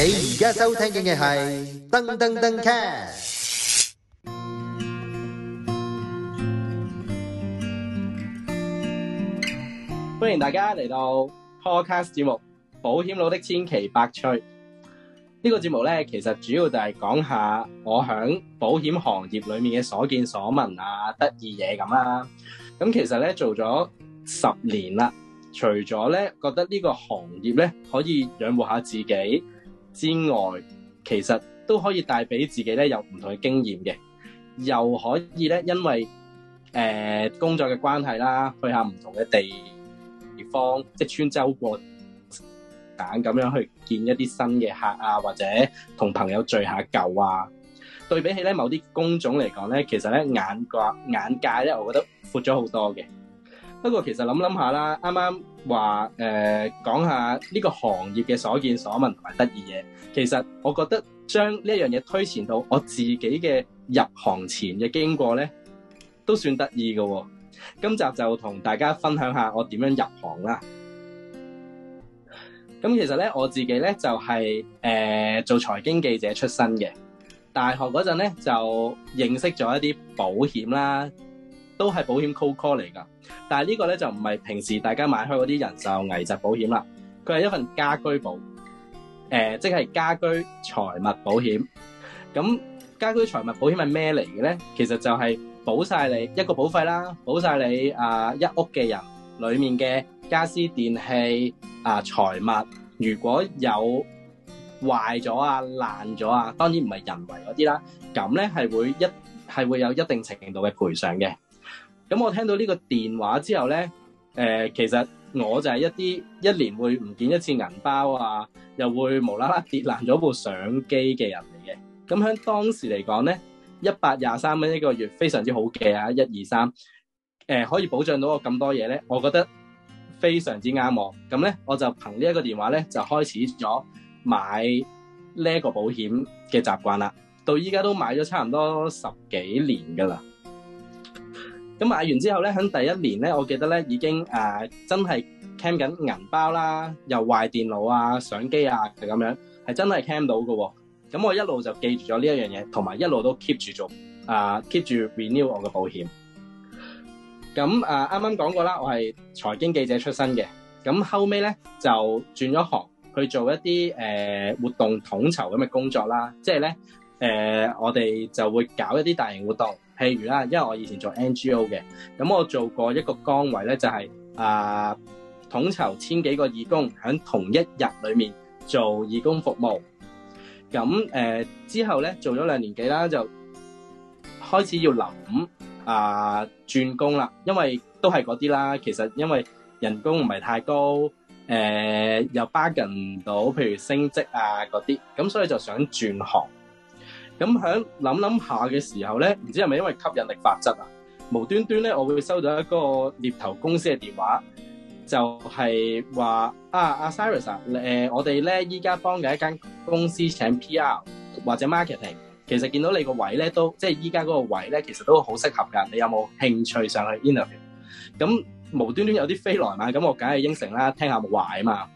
你而家收聽嘅係噔噔噔 cast 歡迎大家嚟到 podcast 節目《保險佬的千奇百趣》這。呢個節目咧，其實主要就係講下我響保險行業裏面嘅所見所聞啊，得意嘢咁啦。咁其實咧做咗十年啦，除咗咧覺得呢個行業咧可以養活下自己。之外，其實都可以帶俾自己咧有唔同嘅經驗嘅，又可以咧因為誒工作嘅關係啦，去下唔同嘅地方，即係穿州過省咁樣去見一啲新嘅客啊，或者同朋友聚下舊啊。對比起咧某啲工種嚟講咧，其實咧眼角眼界咧，我覺得闊咗好多嘅。不過其實諗諗下啦，啱啱話誒講下呢個行業嘅所見所聞同埋得意嘢，其實我覺得將呢樣樣嘢推前到我自己嘅入行前嘅經過咧，都算得意嘅喎。今集就同大家分享下我點樣入行啦。咁其實咧，我自己咧就係、是、誒、呃、做財經記者出身嘅，大學嗰陣咧就認識咗一啲保險啦。都係保險 cold call 嚟噶，但係呢個咧就唔係平時大家買開嗰啲人壽危疾保險啦。佢係一份家居保，誒，即係家居財物保險。咁家居財物保險係咩嚟嘅咧？其實就係保曬你一個保費啦，保曬你啊一屋嘅人裡面嘅家私電器啊、財物，如果有壞咗啊爛咗啊，當然唔係人為嗰啲啦，咁咧係會一係會有一定程度嘅賠償嘅。咁我聽到呢個電話之後咧、呃，其實我就係一啲一年會唔見一次銀包啊，又會無啦啦跌爛咗部相機嘅人嚟嘅。咁喺當時嚟講咧，一百廿三蚊一個月非常之好嘅啊，一二三呃可以保障到我咁多嘢咧，我覺得非常之啱我。咁咧我就憑呢一個電話咧就開始咗買呢個保險嘅習慣啦。到依家都買咗差唔多十幾年㗎啦。咁買完之後咧，喺第一年咧，我記得咧已經誒、呃、真係 cam 緊銀包啦，又壞電腦啊、相機啊，就咁樣，係真係 cam 到嘅喎、哦。咁我一路就記住咗呢一樣嘢，同埋一路都 keep 住做啊，keep 住 renew 我嘅保險。咁誒啱啱講過啦，我係財經記者出身嘅，咁後尾咧就轉咗行去做一啲誒、呃、活動統籌咁嘅工作啦，即係咧誒我哋就會搞一啲大型活動。譬如啦，因為我以前做 NGO 嘅，咁我做過一個崗位咧，就係啊統籌千幾個義工喺同一日裏面做義工服務。咁誒之後咧，做咗兩年幾啦，就開始要諗啊轉工啦，因為都係嗰啲啦。其實因為人工唔係太高，誒又 bargain 唔到，譬如升職啊嗰啲，咁所以就想轉行。咁喺諗諗下嘅時候咧，唔知係咪因為吸引力法則啊？無端端咧，我會收到一個獵頭公司嘅電話，就係、是、話啊，阿、啊、Siris 啊，誒、呃，我哋咧依家幫緊一間公司請 P.R. 或者 marketing，其實見到你個位咧，都即係依家嗰個位咧，其實都好適合㗎。你有冇興趣上去 interview？咁無端端有啲飛來嘛，咁我梗係應承啦，聽下無壞吖嘛。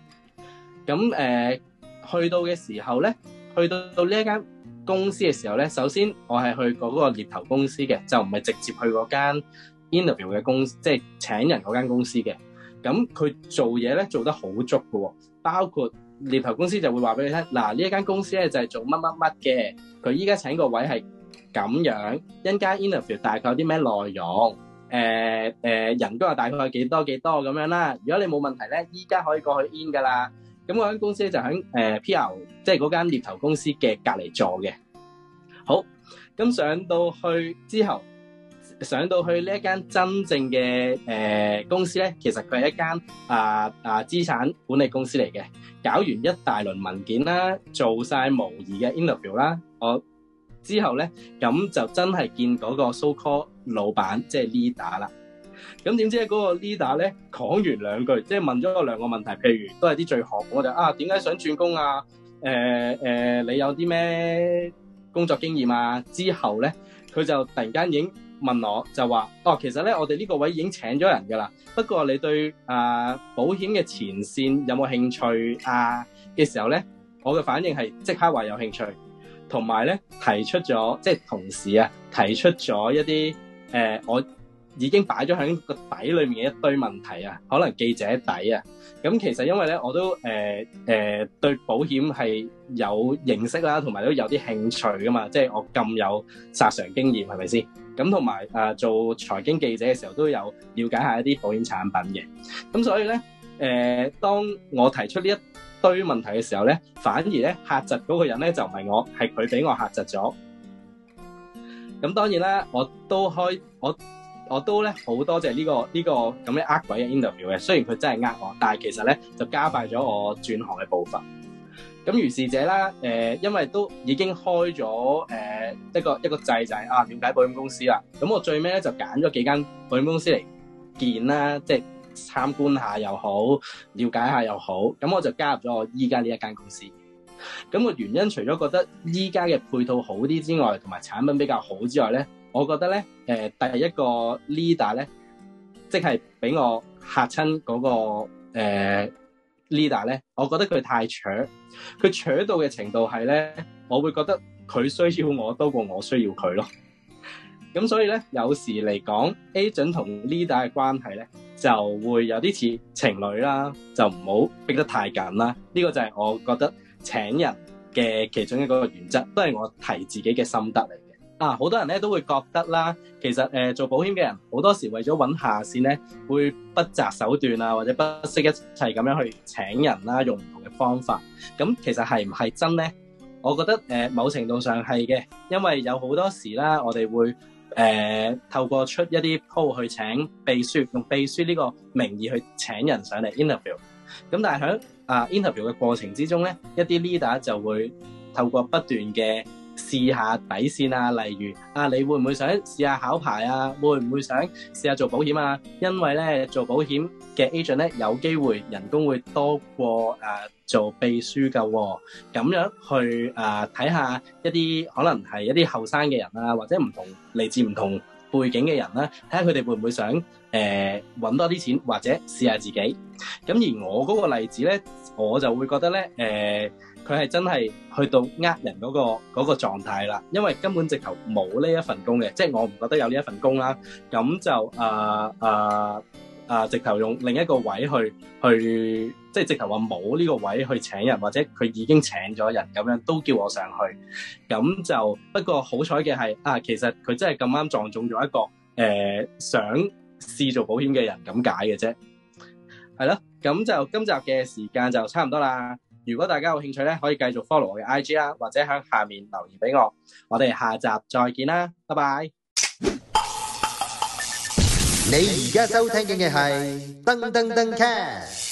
咁誒、呃，去到嘅時候咧，去到呢一間公司嘅時候咧，首先我係去過嗰個獵頭公司嘅，就唔係直接去嗰間 interview 嘅公司，即係請人嗰間公司嘅。咁佢做嘢咧做得好足嘅、哦，包括獵頭公司就會話俾你聽，嗱、啊、呢一間公司咧就係做乜乜乜嘅，佢依家請個位係咁樣，一陣 interview 大概有啲咩內容，誒、呃、誒、呃、人工又大概有幾多幾多咁樣啦。如果你冇問題咧，依家可以過去 in 噶啦。咁我間公司咧就喺、呃、PR，即係嗰間獵頭公司嘅隔離座嘅。好，咁上到去之後，上到去呢一間真正嘅、呃、公司咧，其實佢係一間啊啊資產管理公司嚟嘅，搞完一大輪文件啦，做曬模擬嘅 interview 啦，我之後咧咁就真係見嗰個 so call 老闆即係 Lida 啦。咁點知嗰個 leader 咧講完兩句，即係問咗我兩個問題，譬如都係啲最寒，我就啊點解想轉工啊？呃呃、你有啲咩工作經驗啊？之後咧，佢就突然間已經問我就，就話哦，其實咧，我哋呢個位已經請咗人㗎啦。不過你對啊保險嘅前線有冇興趣啊？嘅時候咧，我嘅反應係即刻話有興趣，同埋咧提出咗，即係同時啊提出咗一啲誒、啊、我。已經擺咗喺個底裏面嘅一堆問題啊，可能記者底啊，咁其實因為咧我都誒誒對保險係有認識啦，同埋都有啲興趣噶嘛，即係我咁有殺常經驗係咪先？咁同埋啊做財經記者嘅時候都有了解下一啲保險產品嘅，咁所以咧誒，當我提出呢一堆問題嘅時候咧，反而咧客窒嗰個人咧就唔係我，係佢俾我客窒咗。咁當然啦我都開我。我都咧好多謝呢、這個呢、這個咁嘅呃鬼嘅 interview 嘅，雖然佢真係呃我，但係其實咧就加快咗我轉行嘅步伐。咁如是者啦，誒，因為都已經開咗誒一個一個制就啊，了解保險公司啦。咁我最尾咧就揀咗幾間保險公司嚟見啦，即係參觀下又好，了解下又好。咁我就加入咗我依家呢一間公司。咁個原因除咗覺得依家嘅配套好啲之外，同埋產品比較好之外咧。我覺得咧，誒、呃、第一個 leader 咧，即係俾我嚇親嗰、那個、呃、leader 咧，我覺得佢太搶，佢搶到嘅程度係咧，我會覺得佢需要我多過我需要佢咯。咁所以咧，有時嚟講，Agent 同 leader 嘅關係咧，就會有啲似情侶啦，就唔好逼得太緊啦。呢、這個就係我覺得請人嘅其中一個原則，都係我提自己嘅心得嚟。啊，好多人咧都會覺得啦，其實、呃、做保險嘅人好多時為咗揾下線咧，會不擇手段啊，或者不惜一切咁樣去請人啦、啊，用唔同嘅方法。咁、嗯、其實係唔係真咧？我覺得、呃、某程度上係嘅，因為有好多時啦，我哋會、呃、透過出一啲 po 去請秘書，用秘書呢個名義去請人上嚟 interview。咁、嗯、但係喺啊、呃、interview 嘅過程之中咧，一啲 leader 就會透過不斷嘅試下底線啊，例如啊，你會唔會想試下考牌啊？會唔會想試下做保險啊？因為咧，做保險嘅 agent 咧，有機會人工會多過誒、啊、做秘書㗎、哦。咁樣去誒睇下一啲可能係一啲後生嘅人啊，或者唔同嚟自唔同背景嘅人啦、啊，睇下佢哋會唔會想誒揾、呃、多啲錢，或者試下自己。咁而我嗰個例子咧，我就會覺得咧誒。呃佢係真係去到呃人嗰個嗰個狀態啦，因為根本直頭冇呢一份工嘅，即係我唔覺得有呢一份工啦。咁就誒誒誒，直頭用另一個位去去，即係直頭話冇呢個位去請人，或者佢已經請咗人咁樣都叫我上去。咁就不過好彩嘅係啊，其實佢真係咁啱撞中咗一個誒、呃、想試做保險嘅人咁解嘅啫。係啦，咁就今集嘅時間就差唔多啦。如果大家有興趣咧，可以繼續 follow 我嘅 IG 啦，或者喺下面留言俾我。我哋下集再見啦，拜拜！你而家收聽緊嘅係噔噔噔 c a